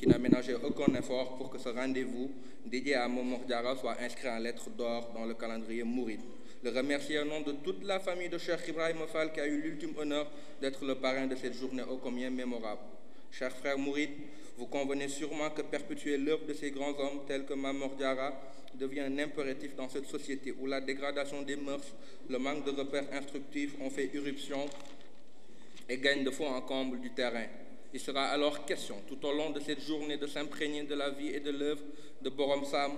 qui n'a ménagé aucun effort pour que ce rendez-vous dédié à Momor Diara soit inscrit en lettres d'or dans le calendrier mouride. Le remercier au nom de toute la famille de Cheikh Ibrahim Fall qui a eu l'ultime honneur d'être le parrain de cette journée ô combien mémorable. Cher frère Mourid, vous convenez sûrement que perpétuer l'œuvre de ces grands hommes tels que Mamor Diara devient un impératif dans cette société où la dégradation des mœurs, le manque de repères instructifs ont fait irruption et gagnent de fond en comble du terrain. Il sera alors question, tout au long de cette journée, de s'imprégner de la vie et de l'œuvre de Borom Sam,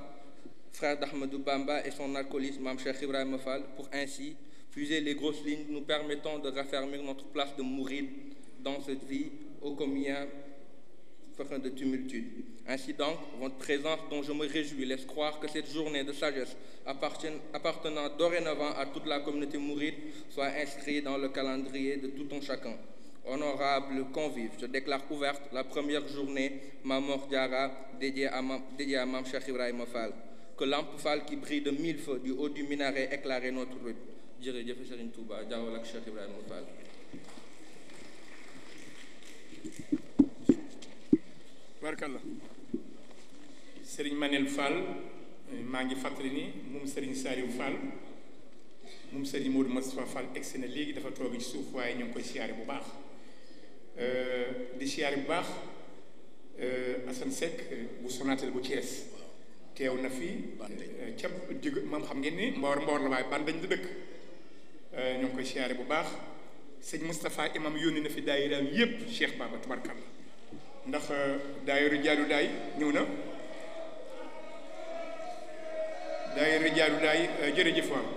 frère d'Ahmadou Bamba et son alcooliste, Mam Ibrahim Fall, pour ainsi fuser les grosses lignes nous permettant de raffermir notre place de mourir dans cette vie ô combien de tumultude. Ainsi donc, votre présence dont je me réjouis laisse croire que cette journée de sagesse appartenant dorénavant à toute la communauté mouride soit inscrite dans le calendrier de tout un chacun. Honorables convives, je déclare ouverte la première journée Mamor Diara dédiée à, Mam, dédiée à Mam Cheikh Ibrahim Fall. Que lampe Fall qui brille de mille feux du haut du minaret éclaire notre route. jërëjëf Serigne Touba Diaw Cheikh Ibrahim Fall. barkalla Serigne Manel Fall euh, Mangi Fatrini, Moum Serigne Saliou Fall Moum Serigne Modou Moustapha Fall egsi na léegi dafa toog ci suuf waaye ñu ngi koy siyaare bu baax. di siyaare bu baax Assane Seck bu Sonatel bu Thiès teew na fii ca jig moom xam ngeen ni mboor mboor la waaye ban dañ la dëkk ñu ngi koy siyaare bu baax sëñ Moustapha imam na fi yépp Cheikh Baba ndax daayiru jaaru day ñëw na daayiru jaaru daay jërëjëf waaw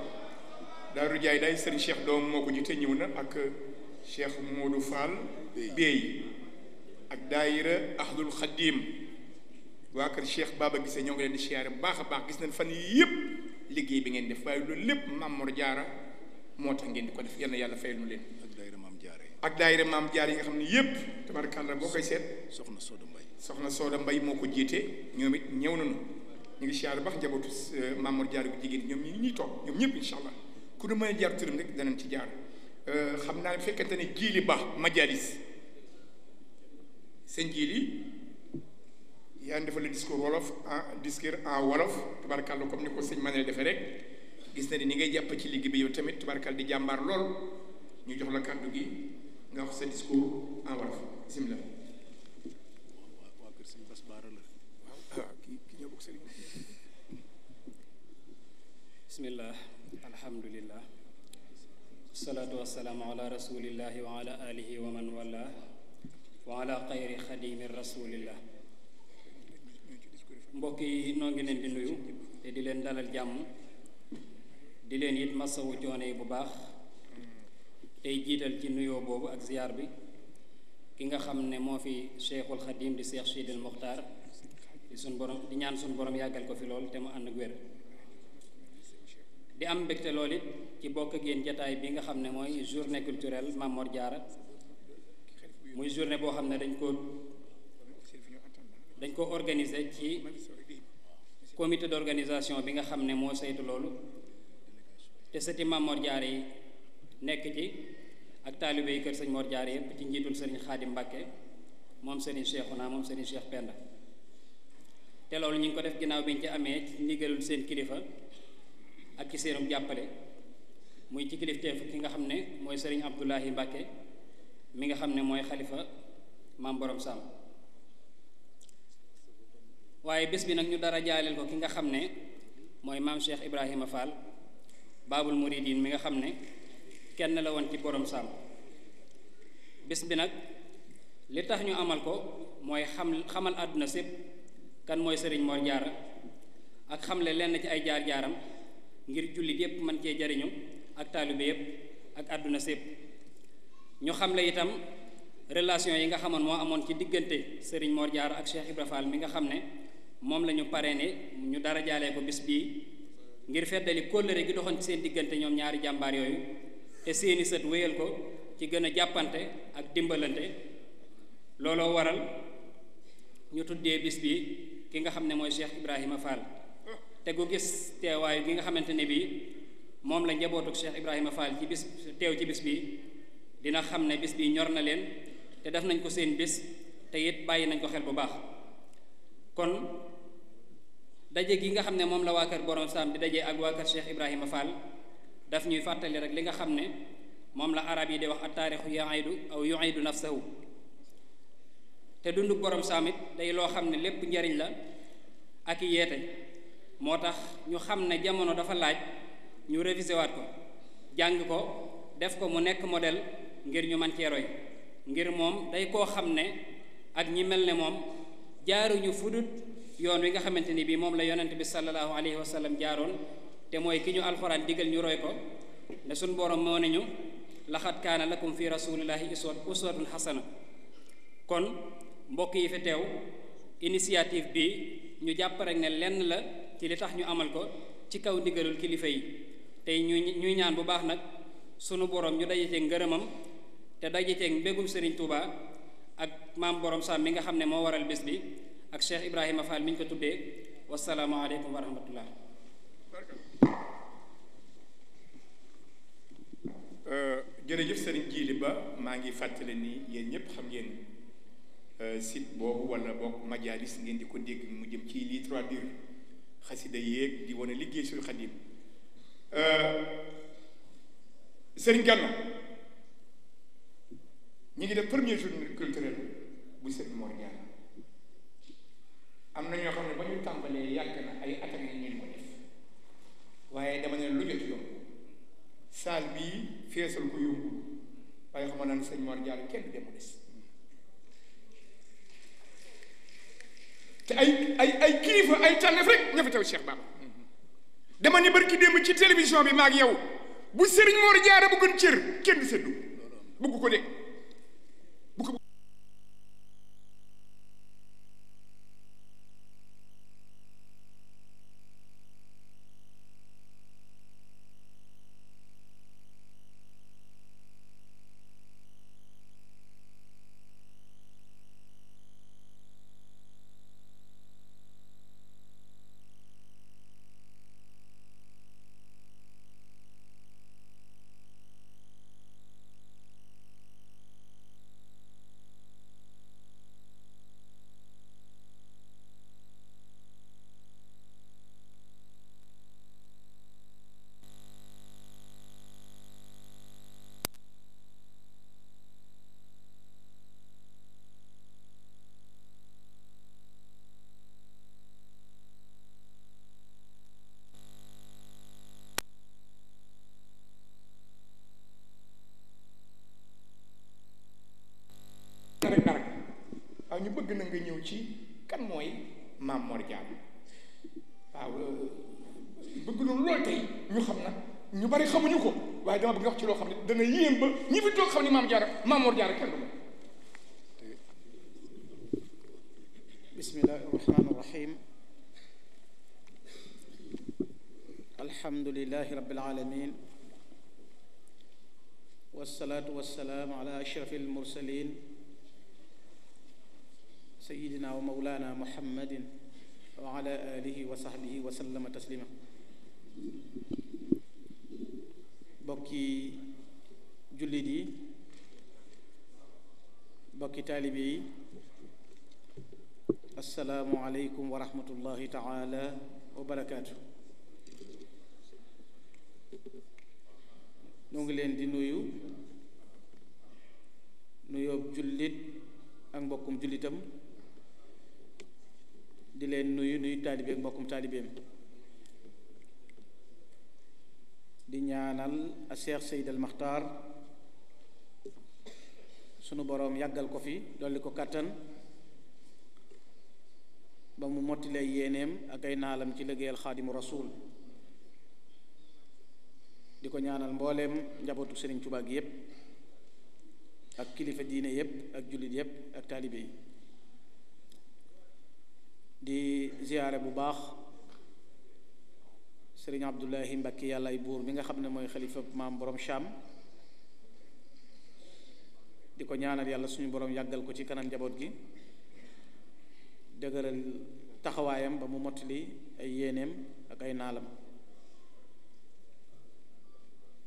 daayiru jaay day serigne Cheikh doom moko ko ñëw na ak cheikh Modou Fall Bey ak daayira ahlul xadim waa kër cheikh Baba Gise ñoo ngi leen di siyaare bu baax baax gis nañ fan yi yëpp liggéey bi ngeen def waaye loolu lépp Mamor Jaara moo tax ngeen di ko def yàlla yàlla fayal nu leen. ak daayira maam Jaara yi. ak daayira maam Jaara yi nga xam ne yëpp tabarkàlla boo koy seet. soxna Soda Mbaye soxna Soda Mbaye moo ko jiite ñoom it ñëw nañu ñu ngi siyaare baax njabootu euh, Mamor jaar bu jigéen ñoom ñu ngi ñuy toog ñoom ñëpp incha allah ku ne mën jaar turam rek danañ ci jaar. Euh, xam naa fekkante ne jiili ba majalis seen jiili yaa ngi defal le discours wolof en discours en wolof tubaarkàlla comme ni ko sëñ Mané defee rek gis na ni ni ngay jàpp ci liggéey bi yow tamit tubaarkàlla di jàmbaar lool ñu jox la kàddu gi nga wax sa discours en wolof bisimilah. bisimilah والصلاة والسلام على رسول الله وعلى آله ومن والاه وعلى خير خديم رسول الله mbokk yi noo ngi leen di nuyu te di leen dalal jàmm di leen it masawu coono yi bu baax tey jiital ci nuyoo boobu ak ziyaar bi ki nga xam ne moo fi cheikhul xadim di cheikh sidil muxtaar di suñ borom di ñaan suñ borom yàggal ko fi lool te mu ànd ak wér di am mbégte lool it ci bokk génn jataay bi nga xam ne mooy journée culturelle Mame Mor Diarra muy journée boo xam ne dañ ko dañ ko organiser ci comité d'organisation bi nga xam ne moo saytu loolu te sëti Mame Mor Diarra yi nekk ci ak taalibe yi kër sëñ Mor Diarra yëpp ci njiitul sëriñ Xaadim Mbàkke moom sëriñ Cheikhouna moom sëriñ Cheikh Penda te loolu ñu ngi ko def ginnaaw bi ñu ci amee ci ndigalul seen kilifa ak ci jàppale muy ci kilifteef ki nga xam ne mooy sëriñ Abdoulahi Mbàkke mi nga xam ne mooy xalifa maam borom sàmm waaye bés bi nag ñu dara jaaleel ko ki nga xam ne mooy maam Cheikh Ibrahima Fall baabul muridin mi nga xam ne kenn la woon ci borom sàmm bés bi nag li tax ñu amal ko mooy xam xamal àdduna sépp kan mooy sëriñ Mor Jaara ak xamle lenn ci ay jaar-jaaram ngir jullit yépp mën cee jariñu ak taalibe yépp ak àdduna sépp ñu xam xamle itam relation yi nga xamoon moo amoon ci diggante Serigne Mor Diarra ak Cheikh Ibra Fall mi nga xam ne moom la ñu ni ñu dara jaalee ko bis bii ngir feddali kóllëre gi doxoon ci seen diggante ñoom ñaari jàmbaar yooyu te seeni sët wéyal ko ci gën a jàppante ak dimbalante looloo waral ñu tuddee bis bii ki nga xam ne mooy Cheikh Ibrahima Fall te gu gis teewaayu gi nga xamante ne bii moom la njabootuk Cheikh Ibrahima Fall ci bis teew ci bis bi dina xam ne bis bi ñor na leen te def nañ ko seen bis te it bàyyi nañ ko xel bu baax kon daje gi nga xam ne moom la waa kër Borom Sam di daje ak waa kër Cheikh Ibrahima Fall daf ñuy fàttali rek li nga xam ne moom la arab yi di wax attaarixu yuaydu aw yuaydu nafsahu te dunduk Borom Sam day loo xam ne lépp njariñ la ak i yeete moo tax ñu xam ne jamono dafa laaj ñu révisé waat ko jàng ko def ko mu nekk modèle ngir ñu man cee roy ngir moom day koo xam ne ak ñi mel ne moom jaaruñu fudut yoon wi nga xamante ni bii moom la yonent bi sallallahu alayhi wa sallam jaaroon te mooy ki ñu alxuraan digal ñu roy ko ne suñ borom moo ne ñu laxat kaana lakum fi rasulillahi uswatun xasana kon mbokk yi fi teew initiative bi ñu jàpp rek ne lenn la ci li tax ñu amal ko ci kaw ndigalul kilifa yi tey ñuy ñuy ñaan bu baax nag sunu borom ñu daje ceeg ngërëmam te daje ceeg mbégum Serigne Touba ak maam borom Sam mi nga xam ne moo waral bés bi ak Cheikh Ibrahima Fall mi ñu ko tuddee wasalaamualeykum wa rahmatullah. Euh, jërëjëf sëriñ Jili ba maa ngi fàttale nii yéen ñëpp xam ngeen euh, site boobu wala boog majalis ngeen di ko dégg mu jëm ci littérature. xasida yéeg di wane liggéey suñu xadim euh, sëriñ Gànna ñu ngi def premier jour culturel bu sëriñ Mor Diarra am na ñoo xam ne ba ñu tàmbalee yàgg na ay atak yi ñu ko def waaye dama ne lu jot yomb saal bii feesal ko yóbbu waaye xam naa ne sëriñ Mor Diarra kenn demu des te ay ay ay kilifa ay tànneef rek ña fi taw Cheikh Baba dama ne barki démb ci télévision bi maag yow bu Serigne Mor Diarra bëggoon cër kenn du seddu bëgg ko de. bëgg na nga ñëw ci kan mooy maam Mor Diarra waaw bëgg na lool tey ñu xam nag ñu bari xamuñu ko waaye dama bëgg wax ci loo xam ne dana yéem ba ñi fi toog xam ne maam Diarra maam Mor Diarra kenn du ma bismillahi rahmaani rahim alhamdulilahi rabbil alamin والصلاة والسلام على أشرف المرسلين سيدنا ومولانا محمد وعلى آله وصحبه وسلم تسليما بكي جلدي بكي طالبي السلام عليكم ورحمة الله تعالى وبركاته نغلين دي نويو نويو جلد أنبكم جلدتم جلد di leen nuyu nuyu taalibeek mbokkum taalibeem di ñaanal a Cheikh Seyd al Maxtaar sunu boroom yàggal ko fi dolli ko kàttan ba mu motti lay yéeneem ak ay naalam ci liggéeyal xaadimu rasuul di ko ñaanal mbooleem njabootu Sëriñ Tuubaa gi yépp ak kilifa diine yépp ak jullit yépp ak taalibe yi di ziyaare bu baax sëriñ Abdullahi Mbakki yàlla ay buur mi nga xam ne mooy xalifa maam boroom Cham di ko ñaanal yàlla suñu boroom yàggal ko ci kanam njaboot gi dëgëral taxawaayam ba mu mottali ay yéeneem ak ay naalam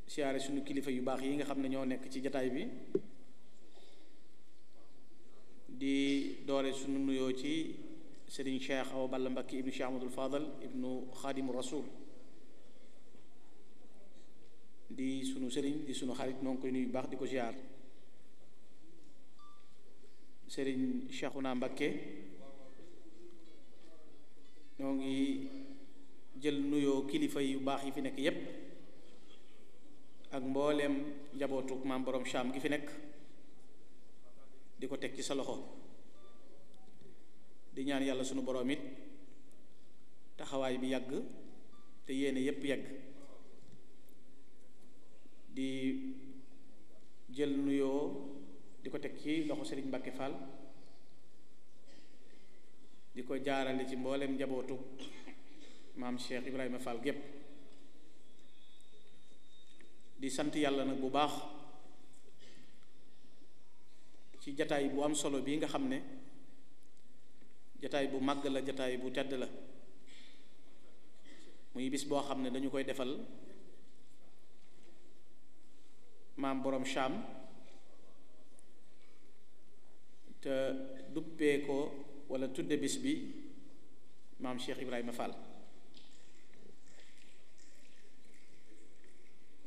siyaare suñu kilifa yu baax yi nga xam ne ñoo nekk ci jataay bi di doore suñu nuyoo ci Serigne Cheikh Awa Balla Mbacké ibnu Cheikh Ahmadul Fadal ibnu Xaadimu Rasul di sunu Serigne di sunu xarit noo ngi koy nuyu baax di ko ziar Serigne Cheikhouna Mbacké noo ngi jël nuyoo kilifa yu baax yi fi nekk yépp ak mbooleem njabootuk maam borom Cham gi fi nekk di ko teg ci sa loxo di ñaan yàlla sunu boroom it taxawaay bi yàgg te yéene yépp yàgg di jël nuyoo di ko teg ci loxo Sëriñ mbakki Fall di ko jaarale ci mbooleem njabootu maam Cheikh Ibrahima Fall gépp di sant yàlla nag bu baax ci jataay bu am solo bii nga xam ne jataay bu màgg la jataay bu tedd la muy bis boo xam ne dañu koy defal maam boroom Cham te duppee ko walla tudde bis bi maam Cheikh Ibrahima Fall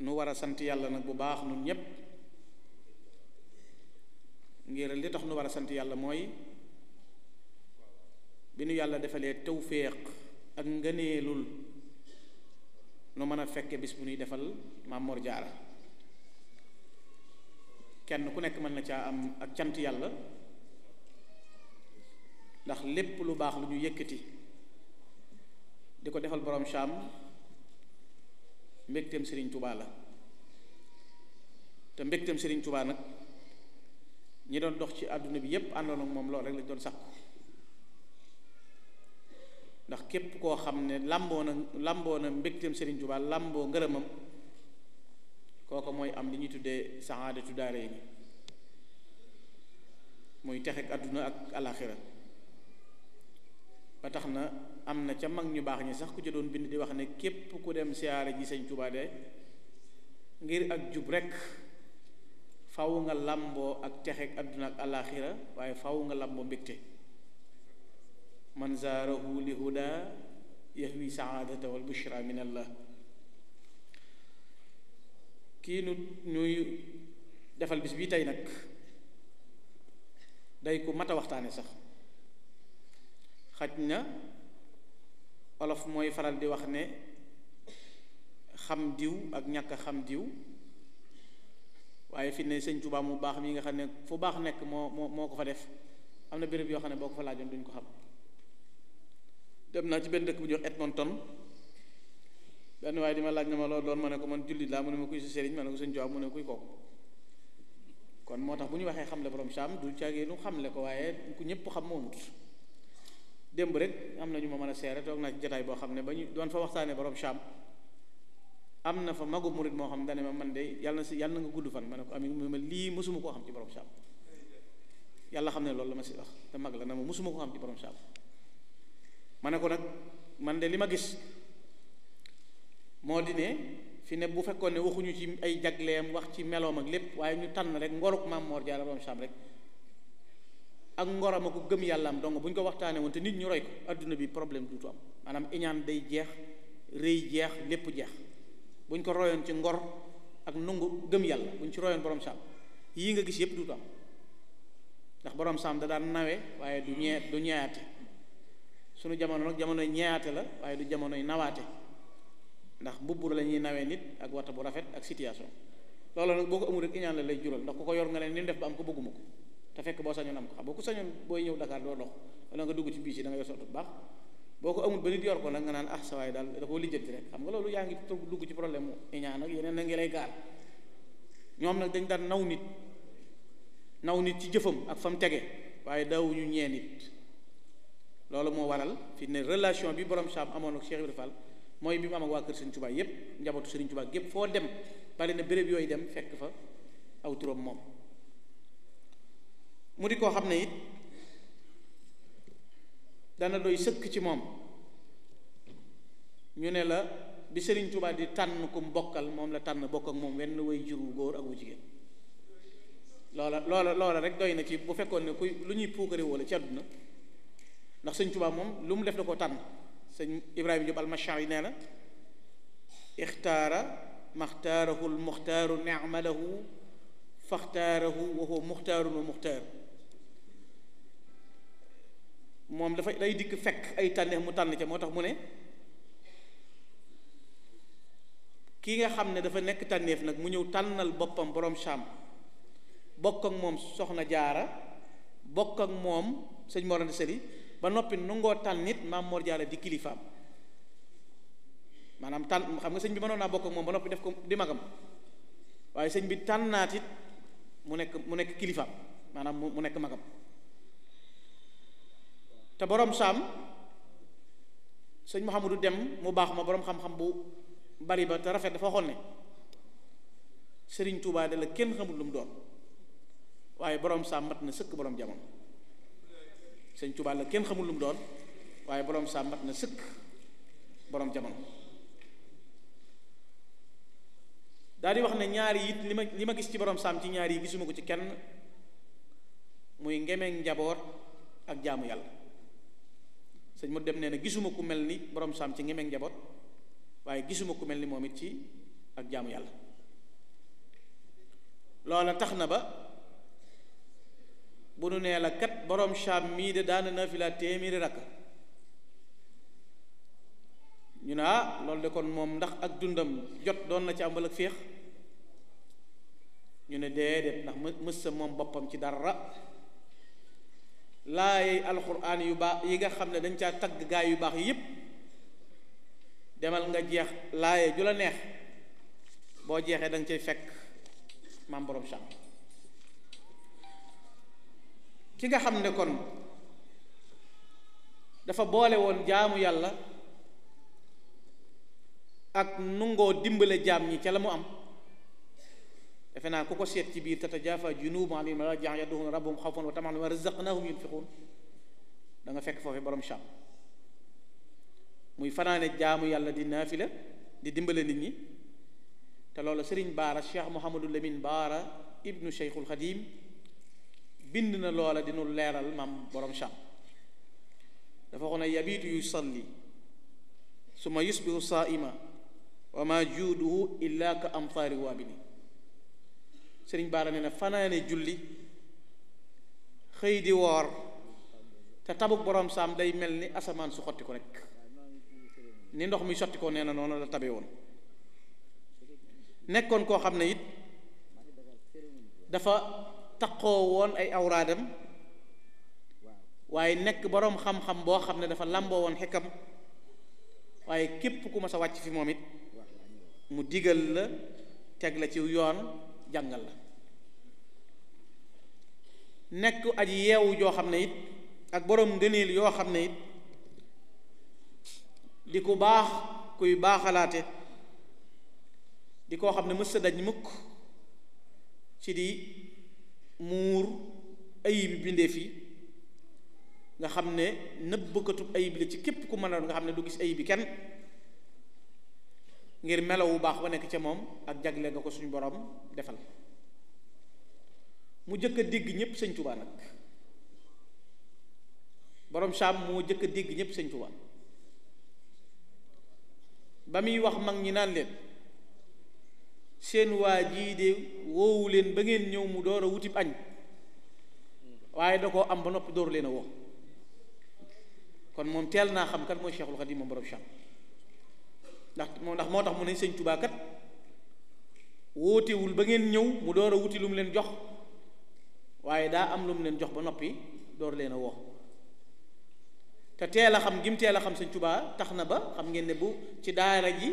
nu war a sant yàlla nag bu baax nun ñépp ngir li tax nu war a sant yàlla mooy bi nu yàlla defalee tawféex ak ngëneelul nu mën a fekke bis bu ñuy defal Maam Mor Jaara kenn ku nekk mën na caa am ak cant yàlla ndax lépp lu baax lu ñu yëkkati di ko defal boroom saam mbégteem sëriñ tubaa la te mbégteem sëriñ tubaa nag ñi doon dox ci àdduna bi yépp àndoon ak moom loolu rek lañ doon sàkku ndax képp koo xam ne làmboo na làmboo na mbégteem Serigne Touba làmboo ngërëmam kooko mooy am li ñuy tuddee saxaadatu daare ni muy texek àdduna ak alaxira ba tax na am na ca mag ñu baax ñi sax ku ca doon bind di wax ne képp ku dem siyaare ji Serigne Touba ngir ak jub rekk faw nga làmboo ak texek àdduna ak alaxira waaye faw nga làmboo mbégte من زاره لهدى يهوي سعادته والبشرى من الله كي نوي دفع البسبيتين دايكو متى وقتاني سخ خاتنا ألف موي فرال دي وخني خم ديو أك نيك خم ديو waaye fi ne sëñ tuba mu baax mi nga xam ne fu baax nekk moo moo moo ko fa def am na béréb yoo xam ne boo ko fa laajoon duñ ko xam dem naa ci benn dëkk bu ñuy wax Edmonton benn waaye di ma laaj na ma loolu doon ma ne ko man jullit laa mu ne ma kuy si sëriñ ma ne ko sëñ Tuubaa mu ne kuy kooku kon moo tax bu ñu waxee xamle borom saam du caagee nu xamle ko waaye ku ñëpp xam moomut démb rek am na ñu ma mën a seere naa ci boo xam ne ba ñu doon fa waxtaanee borom saam am na fa magu murit moo xam dane ma man de yàlla na si yàlla na nga gudd fan ma ne ko ami mu ma lii mosuma koo xam ci borom saam yàlla xam ne loolu la ma si wax te mag la na ma mosuma koo xam ci borom saam ma ne ko man de lima gis modi di ne fi ne bu fekkone waxuñu oh, ci ay jaglem wax ci melom ak lepp waye ñu tan rek ngoruk mam Mor Jaara Borom Saam rek ak ngoram ko gëm dong bu ko waxtaanee won te nit ñu roy ko aduna bi problème tu am manam iñaan day jeex rëy jeex lepp jeex buñ ko royon ci ngor ak nungu gëm yalla buñ ci royon Borom Saam yi nga gis yépp tu am ndax Borom Saam da daan nawe waye du ñee du ñaati sunu jamono nag jamonoy ñeyaate la waaye du jamonoy nawaate ndax mbubbur la ñuy nawee nit ak wata bu rafet ak situation loolu nag boo ko amul rek iñaan la lay jural ndax ku ko yor nga ne def ba ko bëgguma ko te fekk boo sañoon am ko xam booy ñëw Dakar doo dox wala nga dugg ci biis yi da nga yor bu baax boo ko amul ba nit yor ko nag nga naan ah sawaay daal da koo lijjanti rek xam nga loolu yaa ngi dugg ci problème mu iñaan ak yeneen na ngi lay gaar ñoom nag dañ daan naw nit naw nit ci jëfam ak fa mu tege waaye daawuñu ñee nit loolu moo waral fii ne relation bi borom saam amoon ak Cheikh Ibrahima mooy bi mu am ak waa kër Serigne Touba yépp njabootu Serigne Touba yépp foo dem bari na béréb yooyu dem fekk fa aw turam moom mu di koo xam ne it dana doy sëkk ci moom ñu ne la bi Serigne Touba di tànn kum mu bokkal moom la tànn bokk ak moom wenn way jur wu góor ak wu jigéen loola loola loola rek doy na ci bu fekkoon ne kuy lu ñuy puukaree wala ci àdduna ndax seigne touba mom lum def da tan seigne ibrahim Ibrahima Jóob almachan yi nee na ixtaara maxtaarahu lmuxtaaru necmalahu wa huwa mukhtarun wa mukhtar mom moom fay lay dik fek ay tanne mu tan ci motax mune ki nga xamne dafa nek tanef nak mu ñëw tanal bopam borom saam bokk ak mom soxna jaara bokk ak mom seigne Mor Anta ba noppi nangoo tànn nit maam Mor Jaara di kilifaam maanaam tànn xam nga sëñ bi mënoon naa bokk ak moom ba noppi def ko di magam waaye sëñ bi tànnaat it mu nekk mu nekk kilifaam maanaam mu nekk magam te boroom saam sëñ Mouhamadou dem mu baax ma boroom xam-xam bu bari ba te rafet dafa waxoon ne sëriñ Touba de kenn xamul lu mu doon waaye borom saam mat na sëkk borom jamono. sëñ Tuubaa la kenn xamul lu doon waaye boroom saa mat na sëkk boroom jamono daal di wax ne ñaari it li ma li ma gis ci borom saam ci ñaari yi gisuma ko ci kenn muy ngemeeg njaboot ak jaamu yàlla sëñ mu dem nee na gisuma ku mel ni borom saam ci ngemeeg njaboot waaye gisuma ku mel ni moom it ci ak jaamu yàlla loola tax na ba bu nu nee la kat boroom Saam mii de daana naafila téeméeri rakka ñu ne ah loolu de kon moom ndax ak dundam jot doon na ci am ak féex ñu ne déedéet ndax mës sa moom boppam ci dara laay alxuraan yu baax yi nga xam ne dañ caa tagg gaay yu baax yépp demal nga jeex laaye jula neex boo jeexee da nga cay fekk maam borom Saam ki nga xamne kon dafa boole won jaamu yàlla ak nungo dimbele jaam ñi ci lamu am defena naa ku ko seet ci biir tatajaafaa junuubuhum anil madaaji' yad'uuna rabbahum xawfan wa tama'an wa yunfiqun da nga fekk foofu borom sham muy fanane jaamu yàlla di nafila di dimbele nit ñi te loolu serigne bara Cheikh Mouhamadou Lamine bara ibnu Cheikhul khadim bind na loola dinu leeral maam borom sham dafa waxoon ne yabiitu yusalli suma yusbihu saaima wa ma juuduhu illa ka amtaari waabili sëriñ baara nee na fanaane julli xëy di woor te tabuk borom saam day mel ni asamaan su xotti ko rek ni ndox mi sotti ko nee na noonu la tabe woon nekkoon koo xam ne it dafa taqoo woon ay awraadam waaye nekk boroom xam-xam boo xam ne dafa làmboo woon xikam waaye képp ku mas a wàcc fi moom it mu digal la teg la ci yoon jàngal la nekk aji yeewu joo xam ne it ak boroom ngëneel yoo xam ne it di ku baax kuy baaxalaate di koo xam ne mës a daj mukk ci di muur ayib bindeef yi nga xam ne nëbbkatub ayib la ci képp ku mën a nga xam ne du gis ayib bi kenn ngir melaw bu baax ba nekk ca moom ak jagle nga ko suñu boroom defal mu jëkk a dégg ñépp sëñ Tuubaa moo jëkk a dégg ñépp sëñ Tuubaa ba muy wax mag ñi naan leen seen waa jii de woowu leen ba ngeen ñëw mu door a wutib añ waaye da koo am ba noppi door leen a woo kon moom teel naa xam kat mooy Cheikhul Khadim moom borom Cham ndax moo ndax moo tax mu ne sëñ Tuubaa kat ba ngeen ñëw mu door a wuti lu leen jox waaye daa am lu leen jox ba noppi door leen a woo te teel a xam gim teel a xam sëñ Tuubaa tax na ba xam ngeen ne bu ci daara ji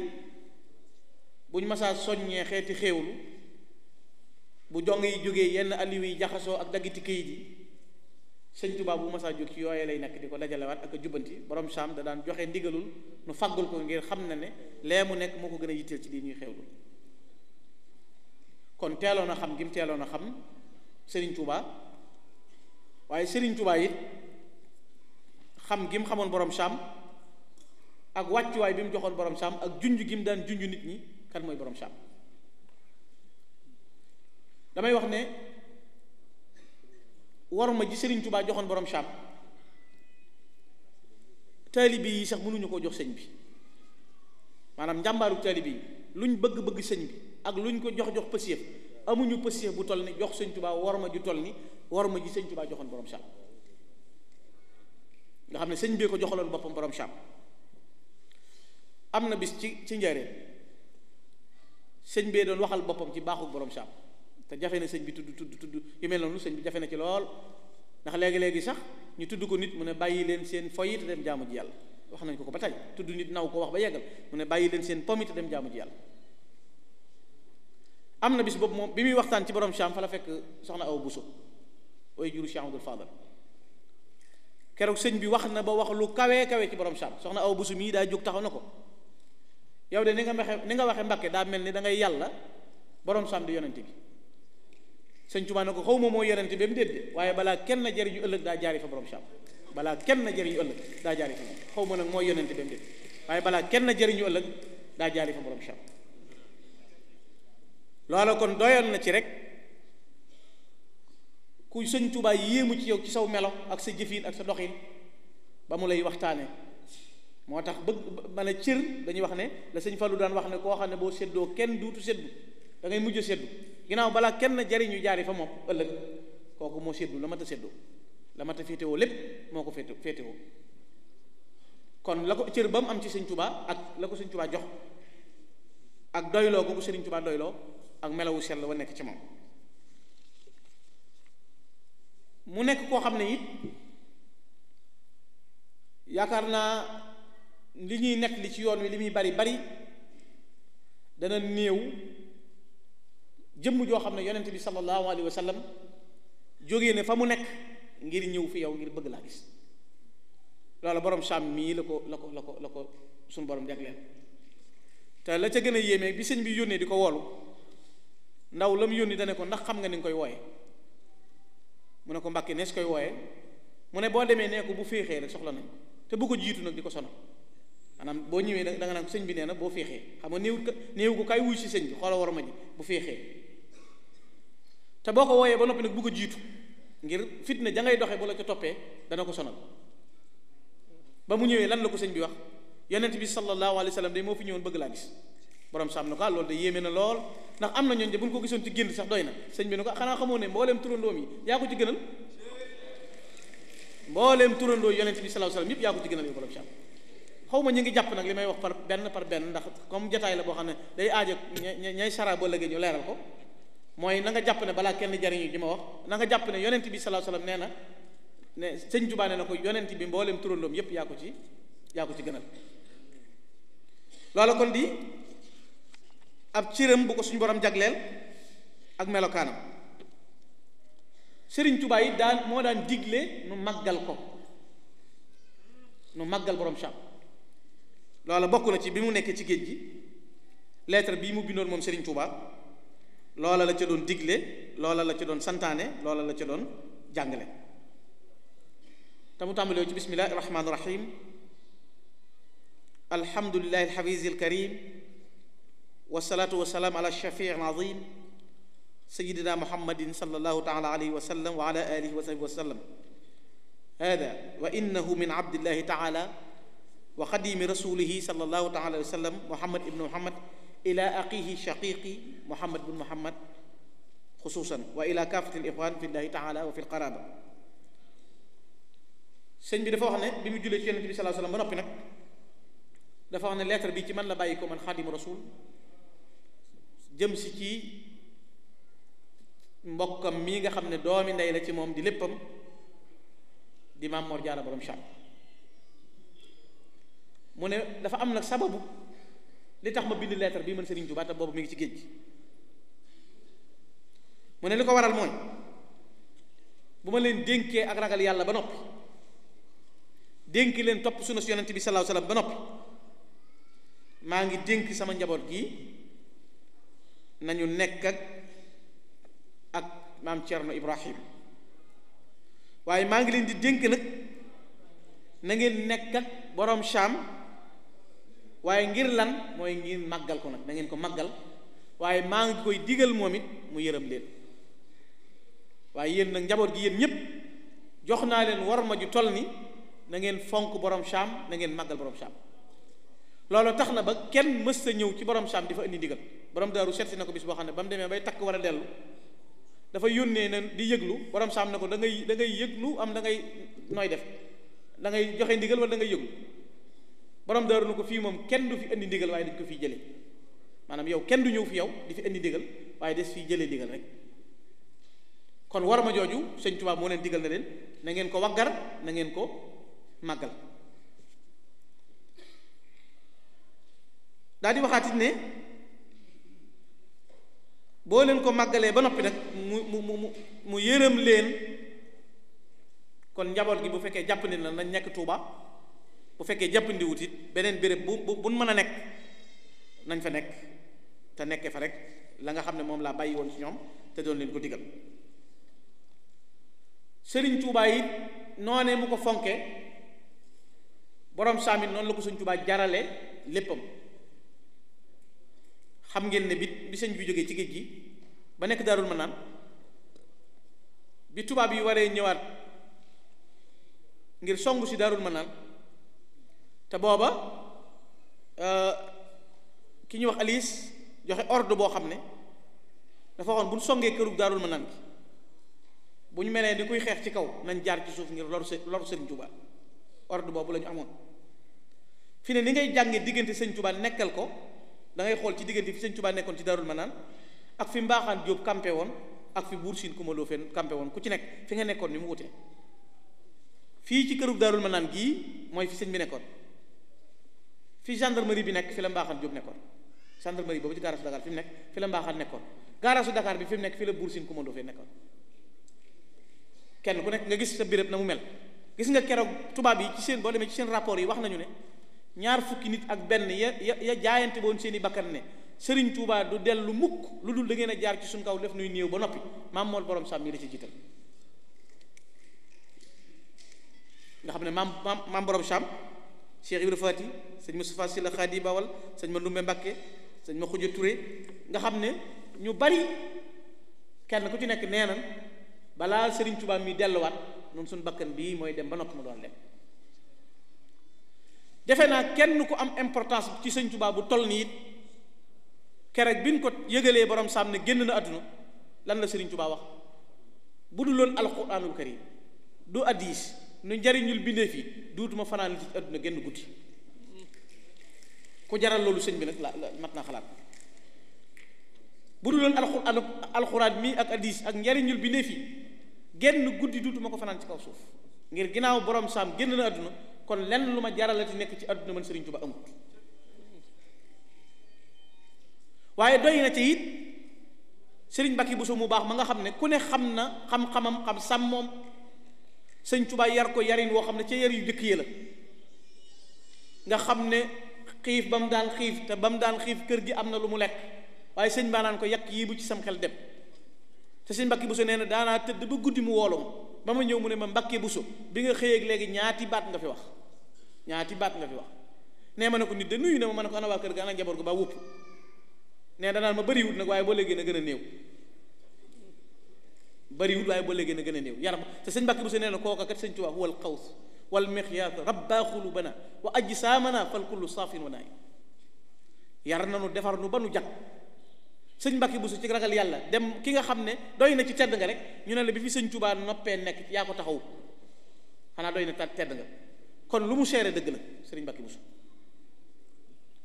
buñ masaa soññee xeeti xéewlu bu jong yi jógee yenn aliw yi jaxasoo ak daggiti këyit yi sëñ Tuubaa bu masaa jóg ci yooyee lay nekk di ko dajalewaat ak a borom saam da daan joxe ndigalul nu fàggul ko ngir xam na ne lee mu nekk moo ko gën a yitteel ci lii ñuy xewlu kon teeloon a xam gi mu teeloon a xam sëriñ Tuubaa waaye sëriñ Tuubaa it xam gi mu xamoon borom saam ak wàccuwaay bi mu joxoon borom saam ak junj gi mu daan junj nit ñi kan mooy borom saam damay wax ne waruma ji Sëriñ tubaa joxoon borom Saam taalibe yi sax mënuñu koo jox sëñ bi maanaam njàmbaaru taalibe yi luñ bëgg-bëgg sëñ bi ak luñ ko jox jox pësiyeef amuñu pësiyeef bu toll ni jox sëñ Tuubaa waruma ju toll ni waruma ji sëñ Tuubaa joxoon borom Saam nga xam ne sëñ bee ko joxaloon boppam borom Saam am na bis ci ci njëriñ sëñ bee doon waxal boppam ci baaxu borom Saam te jafe na sëñ bi tudd tudd tudd yu mel noonu sëñ bi jafe na ci lool ndax léegi-léegi sax ñu tudd ko nit mu ne bàyyi leen seen foyi te dem jaamu ji yàlla wax nañ ko ko ba tey tudd nit naw ko wax ba yeggal mu ne bàyyi leen seen pomi te dem jaamu ji yàlla am na bis boobu moom bi muy waxtaan ci borom Cham fa la fekk soxna aw busu ooy juru Cheikh Abdoul Fadal keroog sëñ bi wax na ba wax lu kawee kawe ci borom Cham soxna aw busu mii daa jóg taxaw na ko yow de ni nga waxe ni nga waxe Mbàkke daa mel ni da ngay yàlla borom Cham di yonente bi sëñ Tuubaa na ko xaw ma moo yonente ba mu déedéet waaye balaa kenn jariñu ëllëg daa jaari fa borom saam balaa kenn jariñu ëllëg daa jaari fa moom ma nag mooy yonente ba mu waaye balaa kenn jariñu ëllëg daa jaari fa borom saam loola kon doyoon na ci rek ku sëñ Tuubaa yéemu ci yow ci saw melo ak sa jëfin ak sa doxin ba mu lay waxtaane moo tax bëgg mën a cër dañuy wax ne la sëñ Fallou daan wax ne koo xam ne boo seddoo kenn duutu séddu da ngay mujj séddu ginnaaw balaa kenn jariñu jaari fa moom ëllëg kooku moo séddu la mat a séddu la mat a féetewoo lépp moo ko féete féetewoo kon la ko cër ba mu am ci sëñ Tuubaa ak la ko sëñ Tuubaa jox ak doyloo ko ko sëriñ doyloo ak melawu sell wa nekk ci moom mu nekk koo xam ne it yaakaar naa li ñuy nekk li ci yoon wi li muy bari bari dana néew jëmm joo xam ne yonent bi sallallahu alayhi wa sallam jógee ne fa mu nekk ngir ñëw fi yow ngir bëgg laa gis loolu borom saam mii la ko la ko la ko la ko suñu borom jagleel te la ca gën a yéeme bi sëñ bi yónnee di ko wolu ndaw la mu yónni dane ko ndax xam nga ni nga koy wooye mu ne ko mbàkke nees koy wooye mu ne boo demee nee ko bu féexee rek soxla nañ te bu ko jiitu nag di ko sonal maanaam boo ñëwee da nga naan sëñ bi nee na boo féexee xam nga néew néew ko kay wuy si sëñ bi xoola war ma ji bu féexee te boo ko wooyee ba noppi nag bu ko jiitu ngir fitna ja ngay doxee bu la ko toppee dana ko sonal ba mu ñëwee lan la ko sëñ bi wax yonent bi sallallahu alayhi wa sallam day moo fi ñëwoon bëgg laa gis borom sàmm na ko ah, loolu day yéeme na lool ndax am na ñooñ de ko gisoon ci génn sax doy na sëñ bi ne ko ah, xanaa xamoo ne mbooleem turandoom yi yaa ko ci gënal mbooleem turandoo yonent bi sallallahu alayhi wa sallam yëpp yaa ko ci gënal yow borom sàmm xaw ma ñu ngi jàpp nag li may wax par benn par benn ndax comme jotaay la boo xam ne day aajo ñay sara ba léegi ñu leeral ko mooy nanga nga jàpp ne balaa kenn jariñu di ma wax nanga nga jàpp ne yonent bi sallallahu alayhi nee na ne sëñ Tuubaa nee na ko yonent bi mboolem turandoom yépp yaa ko ci yaa ko ci gënal loola kon di ab cëram bu ko suñu borom jagleel ak melokaanam sëriñ Tuubaa yi daan moo daan digle nu màggal ko nu màggal borom Saam loola bokk na ci bi mu nekkee ci géej gi lettre bi mu bindoon moom sëriñ Tuubaa loola la ca doon digle loola la ca doon santaane loola la ca doon jàngale te mu tàmbalee ci bismillahi rahmaani rahim alhamdulilahi alxafizi alkarim wasalaatu wasalaam ala shafii alazim sayidina muhammadin sallallahu taala alayhi wa sallam wa ala alihi wa sahbihi wa sallam hada wa innahu min abdillahi taala wa qadimi rasulihi sallallahu taala alayhi wa sallam muhammad ibnu muhammad إلى أخيه شقيقي محمد بن محمد خصوصا وإلى كافة الإخوان في الله تعالى وفي القرابة سيدنا بي دا فاخ ني بيمي جولي سي النبي صلى الله عليه وسلم نوبي نك دا فاخ ني ليتر بي تي من لا بايكو من خادم الرسول جيم سي تي مبوكم ميغا خامني دومي نداي لا تي موم دي ليبام دي مام مور جارا بروم شان مو ني دا ام نك سببو li tax ma bind lettre bi man Serigne Touba ta bobu mi ngi ci géej mu ne liko waral moy buma len leen ak ragal yalla ba nopi len top sunu yonent bi sallallahu alayhi wasallam ba nopi ma ngi sama njabot gi nañu nek ak ak mam Thierno Ibrahim waye ma ngi len di denk nak na ngeen nek ak borom Cham. waaye ngir lan mooy ngir màggal ko nag da ko màggal waaye maa ngi koy digal moom it mu yërëm leen waaye yéen nag njaboot gi yéen ñépp jox naa leen war ma ju toll ni na ngeen fonk borom saam na ngeen màggal borom saam loolu tax na ba kenn mës sa ñëw ci borom saam di fa indi digal borom daaru seet si na ko bis boo xam ne ba mu demee bay takk war a dellu dafa yónnee na di yëglu borom saam na ko dangay dangay da ngay yëglu am da ngay nooy def dangay ngay joxe da ngay yëglu borom daaru na ko fii moom kenn du fi indi ndigal waaye dañ ko fi jële maanaam yow kenn du ñëw fi yow di fi indi ndigal waaye des fi jëlee ndigal rek kon war ma jooju sëñ Tuubaa moo leen digal na leen na ngeen ko waggar na ngeen ko maggal daal di waxaatit ne boo leen ko màggalee ba noppi nag mu mu mu mu yërëm leen kon njaboot gi bu fekkee jàpp ne la nañ nekk Tuubaa bu fekkee jàppandi it beneen béréb bu bu buñ mën a nekk nañ fa nekk te nekkee fa rek la nga xam ne moom laa bàyyi woon ci ñoom te doon leen ko digal sëriñ Tuubaa it noonee ko fonke borom saamin noonu la ko sëriñ Tuubaa jarale léppam xam ngeen ne bit bi sëñ bi jógee ci géej gi ba nekk daarul ma naan bi tubaab yi waree ñëwaat ngir songu si daarul ma naan te booba euh, ki ñuy wax aliis joxe ordre boo xam ne dafa waxoon bu ñu songee kërug daarul ma nan gi bu ñu melee ni kuy xeex ci kaw nañ jaar ci suuf ngir loru loru sëriñ Tuubaa ordre boobu lañu amoon fi ne ni ngay jàngee diggante sëñ Tuubaa nekkal ko dangay xool ci diggante fi sëñ Tuubaa nekkoon ci daarul ma naan ak fi mbaaxaan jóob campé woon ak fi buur siin ku ma loo campé woon ku ci nekk fi nga nekkoon ni mu wutee fii ci këru daarul ma naan gii mooy fi sëñ bi nekkoon fi gendarmerie bi nekk fi la mbaaxaan jóg nekkoon gendarmerie boobu ci gaarasu Dakar fi mu nekk fi la mbaaxaan nekkoon gaarasu Dakar fi nekk fi la Buur Siin Kumando fee nekkoon kenn ku nekk nga gis sa béréb na mu mel gis nga keroog tubaab yi ci seen boo demee ci seen rapport yi wax nañu ne ñaar fukki nit ak benn ya ya ya jaayante boon seen i bakkan ne Sëriñ Tuubaa du dellu mukk lu dul da ngeen a jaar ci suñ kaw def nuy néew ba noppi maam mool borom sàmm yi la ci jiital nga xam ne maam maam Cheikh Ibra Fati sëñ Moustapha Sylla Khadi Bawal sëñ ma Lumbe Mbakke sëñ ma Xuja Touré nga xam ne ñu bari kenn ku ci nekk nee nan balaa sëriñ Touba mii delluwaat noonu suñ bakkan bii mooy dem ba noppi mu doon lem defe naa kenn ku am importance ci sëñ Touba bu toll nii it keroog bi ñu ko yëgalee borom saam ne génn na àdduna lan la sëriñ tubaa wax bu du loon alquranul karim du hadiis nu njariñul bindee fi duutuma fanaan ci àdduna génn guddi ku jaral loolu sëñ bi nag la mat naa xalaat bu du alxuraan mi ak addis ak njariñul bindee fi génn guddi duutuma ko fanaan ci kaw suuf ngir ginnaaw borom saam génn na àdduna kon lenn lu ma jaral jaralati nekk ci àdduna man sëriñ Tuba amut waaye doy na ci it sëriñ Mbàkke Buso mu baax ma nga xam ne ku ne xam na xam-xamam xam moom sëñ Tuubaa yar ko yariñ woo xam ne ca yar yu jëkk yi la nga xam ne xiif ba mu daan xiif te ba mu daan xiif kër gi am na lu mu lekk waaye sëñ baa naan ko yàq yii bu ci sam xel dem te sëñ Mbàkke Buso nee na daanaa tëdd ba guddi mu woolom ba ma ñëw ne ma Mbàkke Buso bi nga xëyeeg léegi ñaati baat nga fi wax ñaati baat nga fi wax nee ma ne ko nit de nuyu na ma ma ne ko ana waa kër gaa ana njaboot ga ba wupp nee danaan ma bëriwut nag waaye boo léegi na gën a néew bariwul waaye ba léegi na gën a néew yaram te sëñ Mbàkke bu se nee na kooka kat sëñ Tuubaa huwal xaws wal miqyaas rabbaa xulubana wa ajsaamana fal kullu saafin wa naay yar nanu defar nu ba nu jag sëñ Mbàkke bu su ci ragal yàlla dem ki nga xam ne doy na ci tedd nga rek ñu ne la bi fi sëñ Tuubaa noppee nekk yaa ko taxaw xanaa doy na tedd nga kon lu mu seere dëgg la sëriñ Mbàkke bu su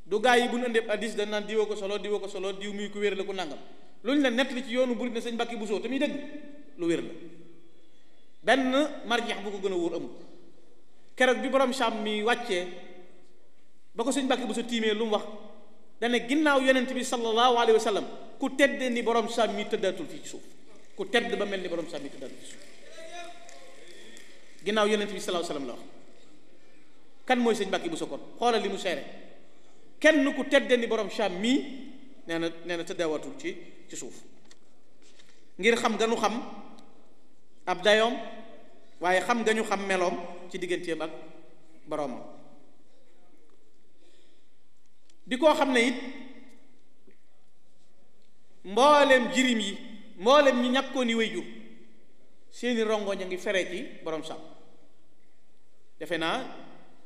du gaa yi bu ñu indee addis dañ naan diwa ko solo diwa ko solo diw muy ku wér la ku nangam lu ñu la nett ci yoonu burit ne sëñ Mbàkke Buso te muy dëgg lu wér la benn marjeex bu ko gën a wóor amul keroog bi borom Saam mi wàccee ba ko sëñ Mbàkke sa tiimee lu mu wax dana ginnaaw yonent bi sallallahu alayhi wa sallam ku tedd ni borom Saam mi tëddaatul fii ci ku tedd ba mel ni borom Saam mi tëddaatul fii ci suuf ginnaaw yonent bi la wax kan mooy sëñ Mbàkke Buso kon xoolal li mu seere kenn ku tedde ni borom Sham mii nee na nee na tëddeewatul ci ci suuf ngir xam nga nu xam ab dayoom waaye xam nga ñu xam meloom ci digganteem ak boroomam di koo xam ne it mboolem jirim yi mboolem ñi ñàkkoon yi wéyjur seeni rongoñ a ngi fere ci borom Sham defe naa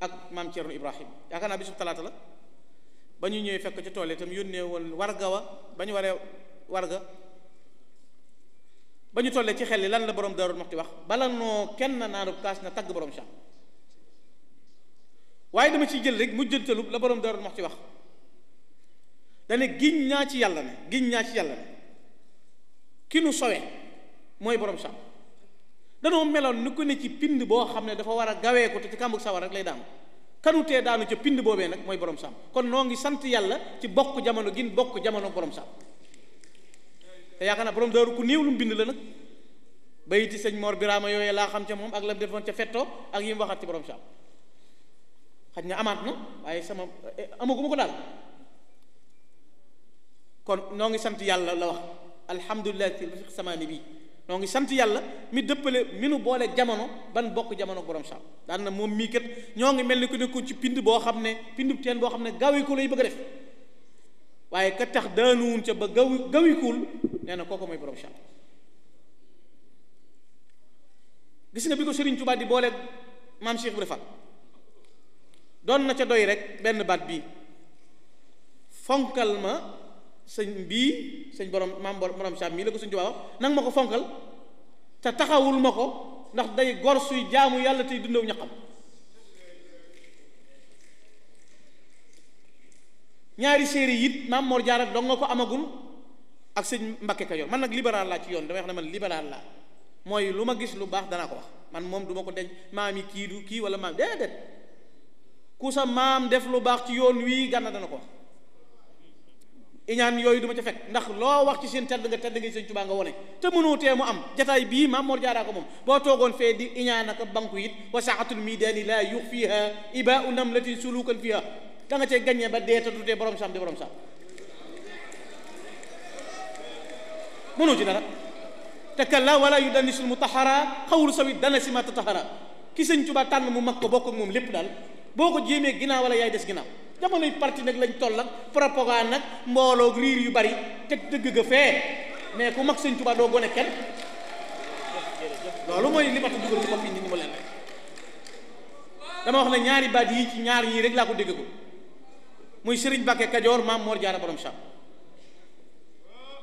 ak maam Thierno Ibrahim yaakaar naa bisub talaata la ba ñu ñëwee fekk ci tool itam yónnee woon warga wa ba ñu waree warga ba ñu tollee ci xel yi lan la borom Daaru Muxti wax bala noo kenn naanub kaas na tagg boroom Saam waaye dama ci jël rek mujjantalu la boroom borom Daaru Muxti wax dane giñ ñaa ci yàlla ne giñ ñaa ci yàlla ne ki nu sowe mooy borom Saam danoo meloon ni ko ne ci pind boo xam ne dafa war a gawee ko te ci kàmbug sawar rek lay daanu kanutee daanu ca pind boobee nag mooy borom sàmm kon noo ngi sant yàlla ci bokk jamono gin bokk jamono borom sàmm te borom daaru ku néew lu bind la nag bayiti sëñ Mor Birama yooyee laa xam ca moom ak la defoon ca fettoo ak yi mu waxaat ci borom sàmm na amaat na waaye sama amaguma ko daal kon noo ngi sant yàlla la wax alhamdulilah fi noo ngi sant yàlla mi dëppale mi nu boole jamono ban bokk jamono borom saam daan na moom mii kat ñoo ngi mel ni ku nekkoon ci pind boo xam ne pindub teen boo xam ne gawiku lay bëgg a def waaye ka tax daanuwun ca ba gawi nee na koo kooku mooy borom saam gis nga bi ko Serigne Touba di boole maam Cheikh Ibra Fall doon na ca doy rek benn baat bii fonkal ma señ bi señ borom mam borom sham mi la ko wax nang mako fonkal ta taxawul mako ndax day gor suy jaamu yalla tay dundou ñaqam ñaari séri yit mam Mor Jaara dong nga ko amagul ak sëñ Mbakke Kajoor man nak liberal la ci yoon dama wax na man liberal la moy lu gis lu bax dana ko wax man mom duma ko denc maam ki du ki wala mam dedet ku sa def lu bax ci yoon wii ganna dana ko wax iñaan yooyu du ma fekk ndax loo wax ci seen tedd nga tedd nga sëñ Tuubaa nga wone te mënoo tee mu am jataay bii maam Mor Jaaraa ko moom boo toogoon fee di iñaan ak banku it wa saatul midaani laa yux fiiha ibaau namlatin sulukan fiiha da nga cee gaññee ba dee te du dee borom saam di borom saam mënoo ci dara te kalla wala yu danisul mutahara xawlu sawi dana si ma tatahara ki sëñ Tuubaa tànn mu mag ko bokk ak moom lépp daal boo ko jéemee ginnaaw wala yaay des ginnaaw jamonoy parti nag lañ toll ak propagande nag mbooloo riir yu bari teg dëgg ga fee mais ku mag sëñ Tuubaa doo gone kenn loolu mooy li ma ta dugal ci bopp yi nit ñi ma leen rek dama wax ne ñaari baat yi ci ñaar yii rek laa ko dégg ko muy sëriñ Bakke Kajoor maam jaar Jaara borom Saam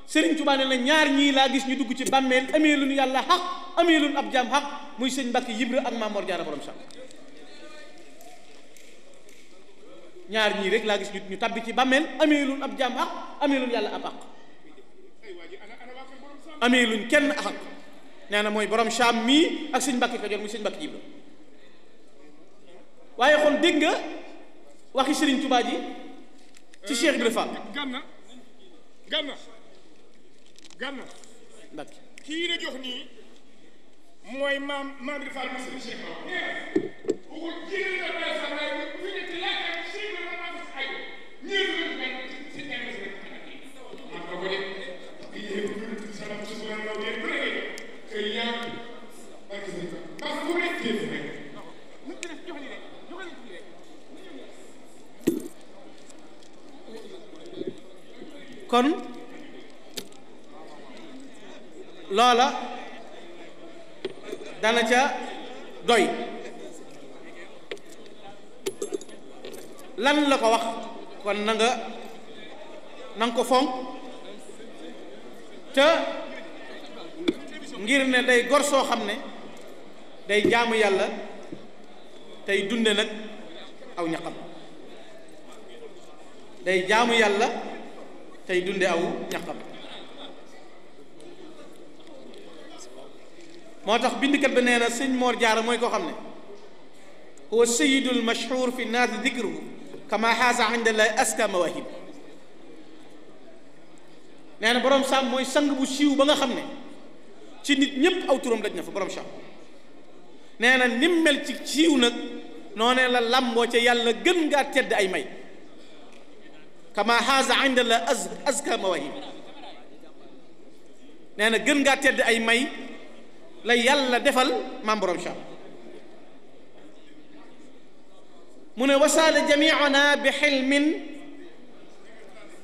Serigne Touba ne na ñaar ñii laa gis ñu dugg ci bàmmeel amee lu ñu yàlla xaq amee lu ab jaam xaq muy sëñ Bakke Yibra ak maam Mor Jaara borom Saam ñaar ñii rek laa gis ñu tabbi ci bàmmeel amee luñ ab jaam àq amee luñ kenn àq nee na mooy borom Saam mii ak sëñ Mbàkke Kajoor muy sëñ Mbàkke Jibla waaye kon dégg nga waxi Sëriñ Tuubaa ji ci Cheikh Ibra kon loola dana ca lan la ko wax kon nanga nga ko fonk te ngir ne day gor soo xam ne day jaamu yàlla tey dunde nag aw ñaxam day jaamu yàlla tey dunde aw ñaqam moo tax bindkat bi nee na sëñ Moor Jaara mooy koo xam ne huwa sayidul mashhur fi naas dikruhu kama xaasa indallaahi aska mawaahib nee na borom saam mooy sang bu siiw ba nga xam ne ci nit ñépp aw turam daj na fa borom saam nee na nim mel ci siiw nag noonee la làmboo ca yàlla gën ngaa tedd ay may kama xaasa indallaahi az aska mawaahib nee na gën ngaa tedd ay may la yàlla defal maam borom saam من وصل جميعنا بحلم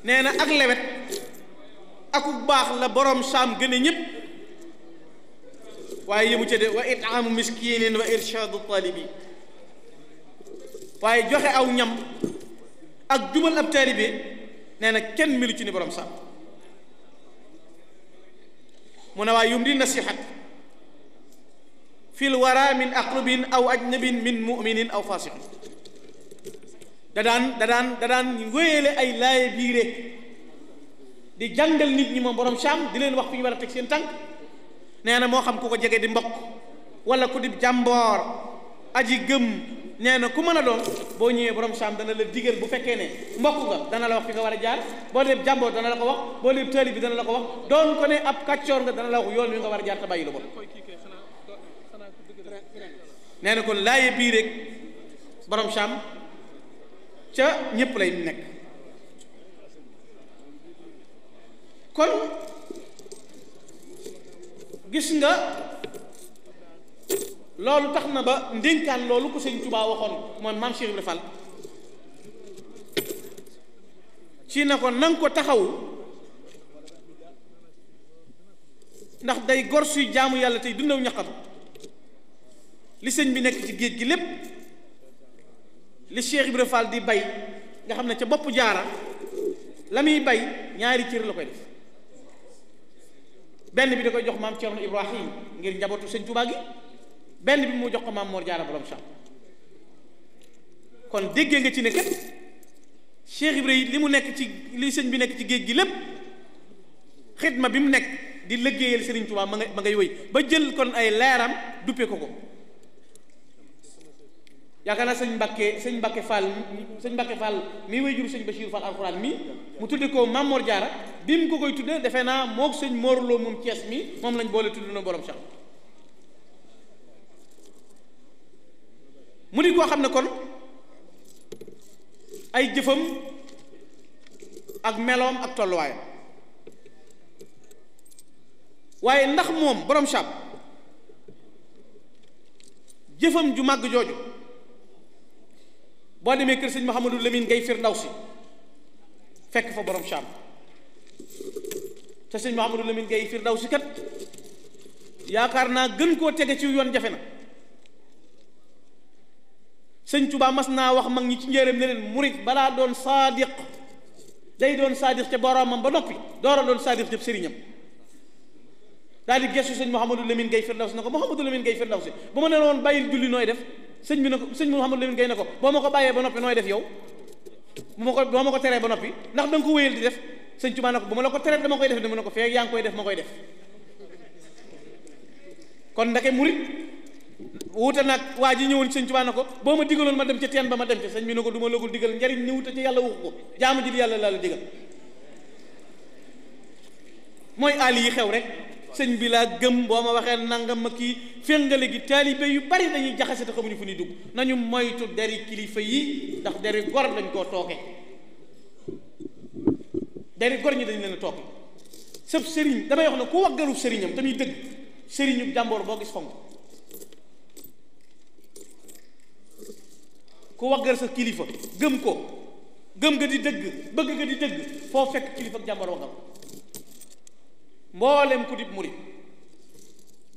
نينا اغلبت اكو باخ لا بروم شام غني نيب واي يمو تي و اطعام مسكين و ارشاد الطالب واي جوخي او نيام اك دومل اب طالب نينا كين ميلو تي ني بروم شام من واي يمدي نصيحه في الورى من اقرب او اجنب من مؤمن او فاسق da daan da daan da daan ay laaye biire di jàngal nit ñi moom borom saam di leen wax fi ñu war a teg seen tànk nee moo xam ku ko jege di mbokk wala ku di jàmboor aji gëm nee ku mën a doon boo ñëwee borom saam dana la digal bu fekkee ne mbokk nga dana la wax fi nga war a jaar boo dee jàmboor dana la ko wax boo dee taalib bi dana la ko wax doon ko ne ab kàccoor nga dana la wax yoon wi nga war a jaar te bàyyi lu nee na kon laaye biireeg borom saam ca ñépp lay nekk kon gis nga loolu tax na ba ndénkaan loolu ko sëñ Tuubaa waxoon mooy maam Cheikh na ko nanga ko taxaw ndax day gor suy jaamu yàlla tey dundaw ñaqam li sëñ bi nekk ci géej gi lépp li Cheikh Ibrahima Fall di bay nga xam ne ca bopp jaara la muy bay ñaari cër la koy def benn bi da koy jox maam Thierno Ibrahim ngir njabootu sëñ Tuubaa gi benn bi mu jox ko maam Mor Jaara borom Saam kon déggee nga ci ne kat Cheikh Ibrahima li mu nekk ci li sëñ bi nekk ci géej gi lépp xidma bi mu nekk di liggéeyal Sëriñ Tuubaa ma nga ma ngay wéy ba jël kon ay leeram duppe ko ko yaakaar naa sëñ Mbacke sëñ Mbacke Fall sëñ Mbacke Fall mii way jur sëñ Bachir Fall alxuraan mi mu tudde ko Mam Mor bi mu ko koy tuddee defe naa moog sëñ Morlo moom Thiès mi moom lañ boole tudd na borom sax mu di koo xam ne kon ay jëfam ak meloom ak tolluwaayam waaye ndax moom borom saab jëfam ju màgg jooju boo demee kër sëñ Mouhamadou Lamine ngay Firdawsi fekk fa borom Cham te sëñ Mouhamadou Lamine ngay si kat yaakaar naa gën koo tege ci yoon jafe na sëñ Touba mas naa wax mag ñi ci njëreem ne leen murit balaa doon saadiq day doon saadiq ca boromam ba noppi a doon saadiq jëpp sëriñam daal di gestu sëñ Mouhamadou Lamine ngay Firdawsi na ko Mouhamadou Lamine ngay Firdawsi bu ma ne woon bàyyil julli nooy def sëñ bi ne ko sëñ Mouhamadou Lamine Gueye ne ko boo ma ko bàyyee ba noppi nooy def yow bu ko boo ma ko teree ba noppi ndax da ko wéyal di def sëñ Tuubaa ko bu ma la ko teree dama koy def dama ne ko fee yaa ngi koy def ma koy def kon ndake murit wuute nag waa ji ñëwoon sëñ Tuubaa ko boo ma digaloon ma dem ca teen ba ma dem ca sëñ bi ne ko du ma lagul digal njariñ ni wuute ci yàlla waxu ko jaamu ji di yàlla laa la digal mooy aali yi xew rek sëñ bi laa gëm boo ma waxee nangam ma kii féngale gi taalibe yu bari dañuy jaxase te xamuñu fu ñuy dugg nañu moytu deri kilifa yi ndax deri gor lañ koo tooke deri gor ñi dañ leen a tooke sëb sëriñ damay wax ne ku waggaru sëriñam tamit dëgg sëriñu jàmboor boo gis fonk ku waggar sa kilifa gëm ko gëm nga di dëgg bëgg nga di dëgg foo fekk kilifa ak jàmboor waggar mboolem ku dib murit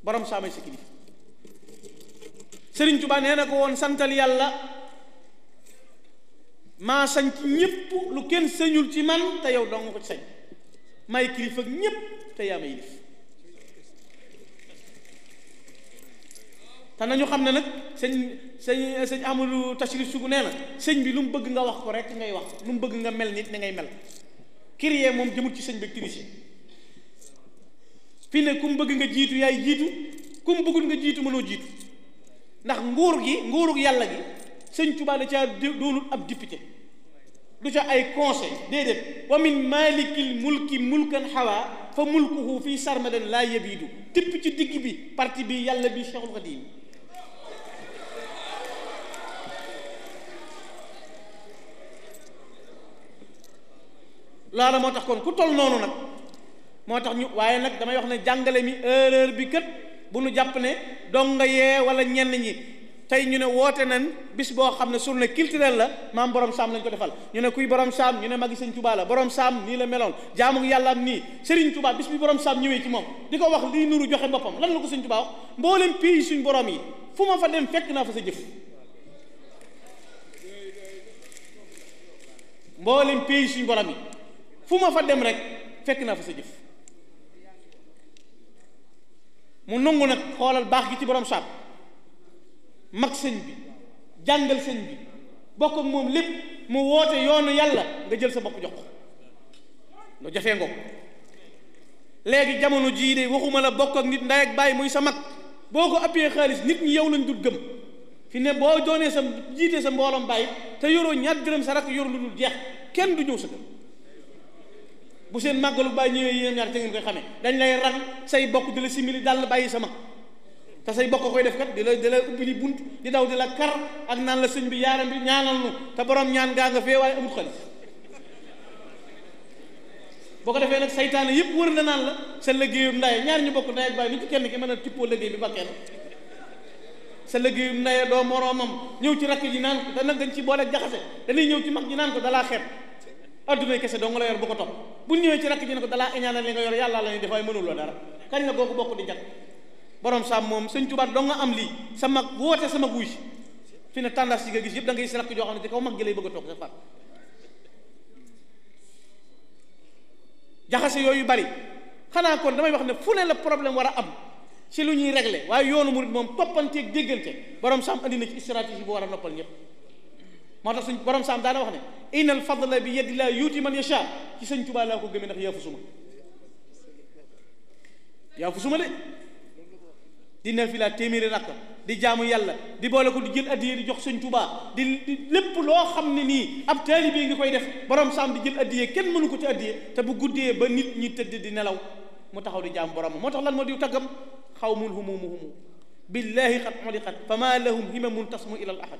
borom saamay sa kilifa sëriñ Tuubaa nee na ko woon santal yàlla maa sañ ci ñëpp lu kenn sëñul ci man te yow dong nga ko sañ may kilifa ak ñëpp te yaa may yilif te nañu xam ne nag sëñ sëñ sëñ Amadou Tachir Sougou nee na sëñ bi lu mu bëgg nga wax ko rek ngay wax lu mu bëgg nga mel nit ni ngay mel kiriyee moom jëmut ci sëñ bi ak fii ne ku bëgg nga jiitu yaay jiitu ku mu bëggul nga jiitu mënoo jiitu ndax nguur gi nguurug yàlla gi sëñ Tuubaa da caa doonul ab député du ca ay ci digg bi parti bi yàlla bi Cheikhul Khadim loola moo tax kon ku tol noonu nag moo tax ñu waaye nag damay wax ne jàngale mi erreur bi kët bu nu jàpp ne donga yee wala ñenn ñi tey ñu ne woote nañ bis boo xam ne journée culturelle la maam borom saam lañ ko defal ñu ne kuy borom saam ñu ne magi sañ Tuubaa la borom saam nii la meloon jaamu yàlla nii Serigne Touba bis bi borom saam ñëwee ci moom di ko wax liy nuru joxe boppam lan la ko sëñ Tuubaa wax mboolem pays suñ borom yi fu ma fa dem fekk naa fa sa jëf mboolem suñ borom yi fu ma dem rek fekk naa fa sa jëf. mu nangu nag xoolal baax gi ci borom saab mag sëñ bi jàngal sëñ bi bokk ak moom lépp mu woote yoonu yàlla nga jël sa bopp jox ko lu jafee ngoog léegi jamono jii de waxuma la bokk ak nit ndey ak bàyyi muy sa mag boo ko appee xaalis nit ñi yow lañ dul gëm fi ne boo doonee sa jiite sa mbooloom bàyyi te yoroo ñaat gërëm sa rakk yor lu dul jeex kenn du ñëw sa gëm bu seen màggalu bàyyi ñëwee yéen ñaar ca ngeen koy xamee dañ lay rang say bokk di la simili dàll bàyyi sama te say bokk koy def kat di la di la ubbi li bunt di daw di la kar ak naan la sëñ bi yaaram bi ñaanal nu te borom ñaan gaa nga fee waaye amul xaalis boo ko defee nag saytaane yëpp wër nga naan la sa liggéeyum ndaye ñaar ñu bokk ndaye ak baay ni ci kenn ki mën a tippoo liggéey bi bakkee na sa liggéeyum ndaye doo moroomam ñëw ci rakk ji naan ko te nag dañ boole jaxase dañuy ñëw ci mag ji naan ko dalaa xeet adduna kese doo nga la yor bu ko topp bu ñëwee ci rakk ji ne ko dalaa iñaanal li nga yor yàlla la ñuy def waaye mënuloo dara kañ la googu bokk di jag borom saam moom sëñ Tuubaa doo nga am lii sa mag woote sama guy fi ne tendance yi nga gis yëpp da ngay gis rakk joo xam ne ci kaw mag a toog sa far jaxase yooyu bari xanaa kon damay wax ne fu ne la problème war a am si lu ñuy régler waaye yoonu murid moom toppanteeg déggante borom saam andi na ci stratégie bu war a noppal ñëpp moo tax suñ borom saam daana wax ne inal fadla bi yadillah yuuti man yasha ci sëñ Tuubaa laa ko gëmee ndax yaa fu suma yaa fu suma de di nafila téeméeri rakk di jaamu yàlla di boole ko di jël addiya di jox sëñ Tuubaa di lépp loo xam ne nii ab taalibe nga koy def borom saam di jël addiya kenn mënu ko ci addiya te bu guddee ba nit ñi tëdd di nelaw mu taxaw di jaamu borom moo tax lan moo di taggam xaw mun humumu humu billahi xat xoliqat fa maa lahum himamun tasmu ila al ahad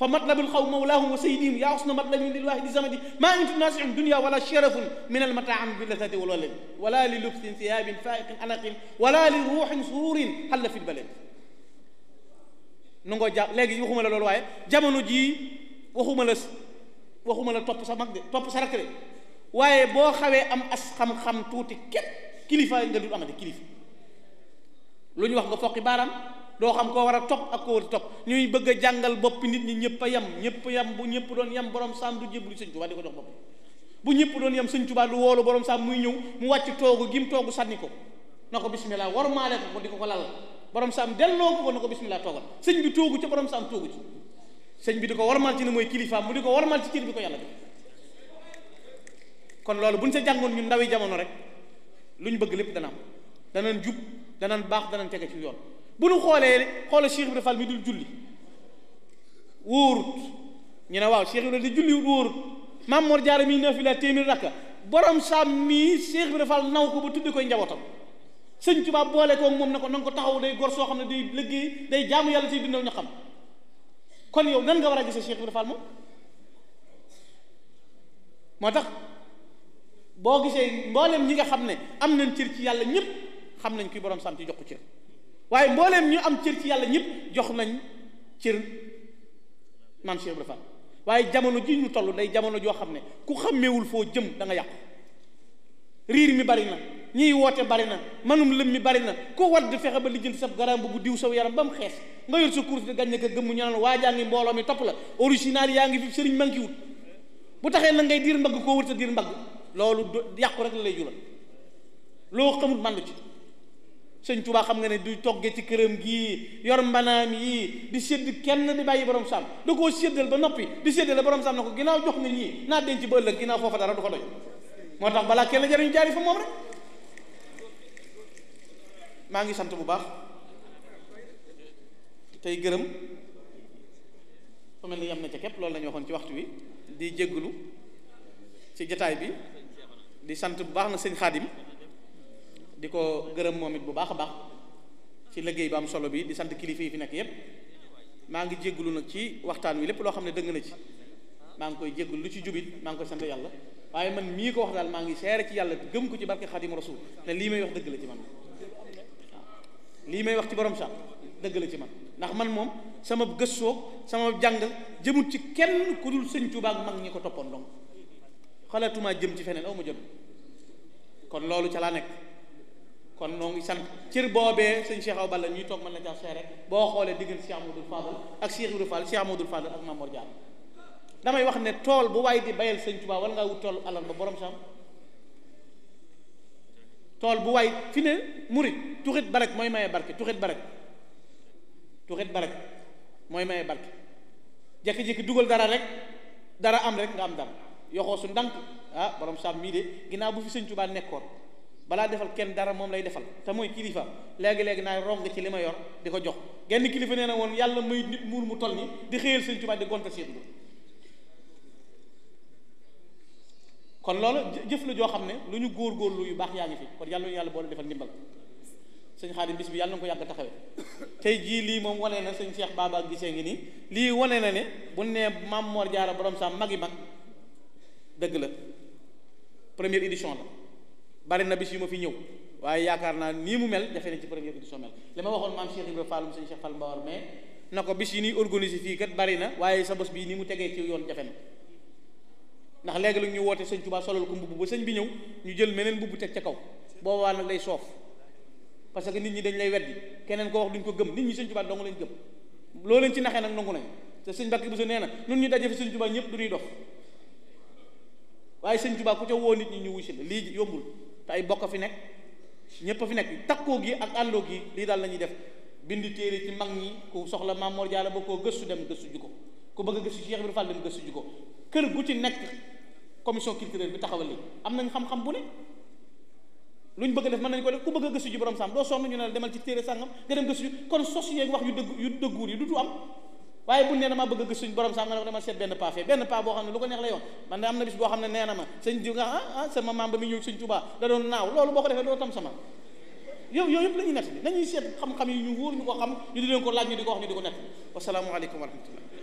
فمطلب الخو مولاه وسيدهم يا حسن مطلب لله دي زمدي ما ان في عن دنيا ولا شرف من المطاعم باللذات والولد ولا للبس ثياب فائق انق ولا لروح سرور حل في البلد نغو جاب لغي وخوما لا لول واي جي وخوما لا وخوما لا توب سا توب سا ركري واي بو ام اس خم خم توتي كيب كليفا ندول امدي كليف لو ني واخ غا Do xam top wara top ak ko war a nyepayam ñuy bëgg jangal bop nit ñi ñepp yam ñepp yam bu ñepp doon yam borom sam du jéblu señ tuba diko dox bop bu ñepp doon yam señ tuba du woolu borom sam muy ñew mu wacc togu gim togu sanni ko nako bismillah war ma ko ko diko ko lal borom sam dello ko ko bismillah togal señ bi togu ci borom sam togu ci señ bi diko warmal ci ni moy kilifa mu diko warmal ci cër bi ko kon lolu buñ sa jangon ñu ndawi jamono rek luñ ñu bëgg lépp dana am tege ci yoon bu nu xoolee xoola Cheikh Ibra Fall mi dul julli wóorut ñu ne waaw Cheikh Ibra di julliwut wóorut Maam Mor Jaara mi nafila téeméer rakka borom saam mii Cheikh Ibra Fall naw ko ba tudde koy njabootam sëñ Tuubaa boole koog moom na ko na nga ko taxaw day gor soo xam ne day liggéey day jaamu yàlla tey dindaw ñu xam kon yow nan nga war a gisee Cheikh Ibra Fall moom moo tax boo gisee mboolem ñi nga xam ne am nañ cër ci yàlla ñëpp xam nañ kuy borom saam ci jox ko cër waaye mbooleem ñu am cër ci yàlla ñëpp jox nañ cër maam Cheikh Ibra Fall waaye jamono ji ñu toll day jamono joo xam ne ku xàmmewul foo jëm da nga yàqu riir mi bari na ñiy woote bari na manum lëm mi bari na ku wadd fexe ba lijjanti sab garam bu diw saw yaram ba mu xees nga yor sa course di gàññe ko gëmm ñu naan waajaa ngi mbooloo mi topp la original yaa ngi fi sëriñ manki wut bu taxee na ngay diir mbagg koo wër sa diir mbagg loolu yàqu rek la lay jural loo xamul màndu ci sëñ Tuubaa xam nga ne du togge ci këram gii yor mbanaam yi di sédd kenn di bàyyi borom saam da koo séddal ba noppi di séddale borom saam na ko ginnaaw jox nga ñii naa denc ba ëllëg ginnaaw foofa dara du ko doy moo tax balaa kenn jariñ jaari fa moom rek maa ngi sant bu baax tey gërëm fa mel ni yam na ca képp loolu la ñu waxoon ci waxtu wi di jégglu ci jataay bi di sant bu baax na sëñ Xaadim di ko gërëm moom it bu baax a baax ci liggéey bu am solo bi di sant kilifa yi fi nekk yépp maa ngi jégglu nag ci waxtaan wi lépp loo xam ne dëng na ci maa ngi koy jégglu lu ci jubit maa ngi yàlla waaye man mii ko wax daal maa ngi seere ci yàlla gëm ko ci barke xadim rasul ne lii may wax dëgg la ci may wax ci borom sax dëgg la ci man ndax man moom sama gëstoo sama jàng jëmut ci kenn ku dul sëñ Tuubaa ak mag ñi ko toppoon donc xalaatuma jëm ci feneen aw ma jot kon loolu ca laa nekk kon noo ngi sant cër boobee sëñ Cheikh Awa Balla ñuy toog mën la caa rek boo xoolee diggante Cheikh Amadou Fadal ak Cheikh Ibrahima Fall Cheikh Amadou Fadal ak Mamor Diallo damay wax ne tool bu waaye di bayal sëñ Tuubaa wala ngaa wut tool alal ba borom sam tool bu waay fi ne murit tuxit barek mooy maye barke tuxit barek tuxit barek mooy maye barke jékki-jékki dugal dara rek dara am rek nga am dara yoxoo su ndànk ah borom sam mii de ginnaaw bu fi sëñ Tuubaa nekkoon balaa defal kenn dara moom lay defal te mooy kilifa léegi-léegi naay rong ci li ma yor di ko jox genn kilifa nee na woon yàlla may nit muur mu toll ni di xëyal sëñ Tuubaa di gonta Seex Ibra kon loolu jëf la joo xam ne lu ñu góorgóorlu yu baax yaa ngi fi kon yàlla ñu yàlla boole defal ndimbal sëñ Xaadim bis bi yàlla na ko yàgg taxawee tey jii lii moom wane na sëñ Cheikh Baba gisee ngi nii lii wane na ne bu nee Maam Mor Jaara borom sa magi mag dëgg la première édition la bari na bis yu ma fi ñëw waaye yaakaar naa nii mu mel defe nañ ci première édition mel li ma waxoon maam Cheikh Ibrahima Fallum sëñ Cheikh Fall Mbawar mais na ko bis yi nii organisé fii kat bari na waaye sa bos bii ni mu tegee ci yoon jafe na ndax léegi lu ñu woote sëñ Tuubaa solal ko mbubb ba sëñ bi ñëw ñu jël meneen mbubb teg ca kaw waa nag day soof parce que nit ñi dañ lay weddi keneen ko wax duñ ko gëm nit ñi sëñ Tuubaa dong lañ gëm loo leen ci naxee nag nangu nañ te sëñ Bakki Bousso nee na nun ñu daje fi sëñ ñëpp du ñuy waaye sëñ Tuubaa ku woo nit ñi ñu wuy si la yombul ay bokk fi nekk ñëpp fi nekk takkoo gi ak àlloo gi lii daal la ñuy def bind téere ci mag ñi ku soxla Maam Mor Jaara ba koo gëstu dem gëstu ju ko ku bëgg a gëstu bi Ibra Fall dem gëstu ju ko kër gu ci nekk commission culturelle bi taxawal li am nañ xam-xam bu ne lu ñu bëgg a def mën nañ ko def ku bëgg a gëstu ji borom saam doo sonn ñu ne la demal ci téere sàngam nga dem gëstu ji kon sos yeeg wax yu dëgg yu dëgguur yi du du am waaye buñ ne dama bëgg gis suñ borom sax ma ne ko dama seet benn paa benn paa boo xam ne lu ko neex lay wax man de am na bis boo xam ne nee na ma sëñ diw nga ah ah sama maam ba mi ñëw suñ tubaa da doon naaw loolu boo ko defee doo tam sama yow yooyu yëpp la ñuy nett nañuy seet xam-xam yi ñu wóor ñu ko xam ñu di leen ko laaj ñu di ko wax ñu di ko nett wasalaamualeykum wa rahmatullah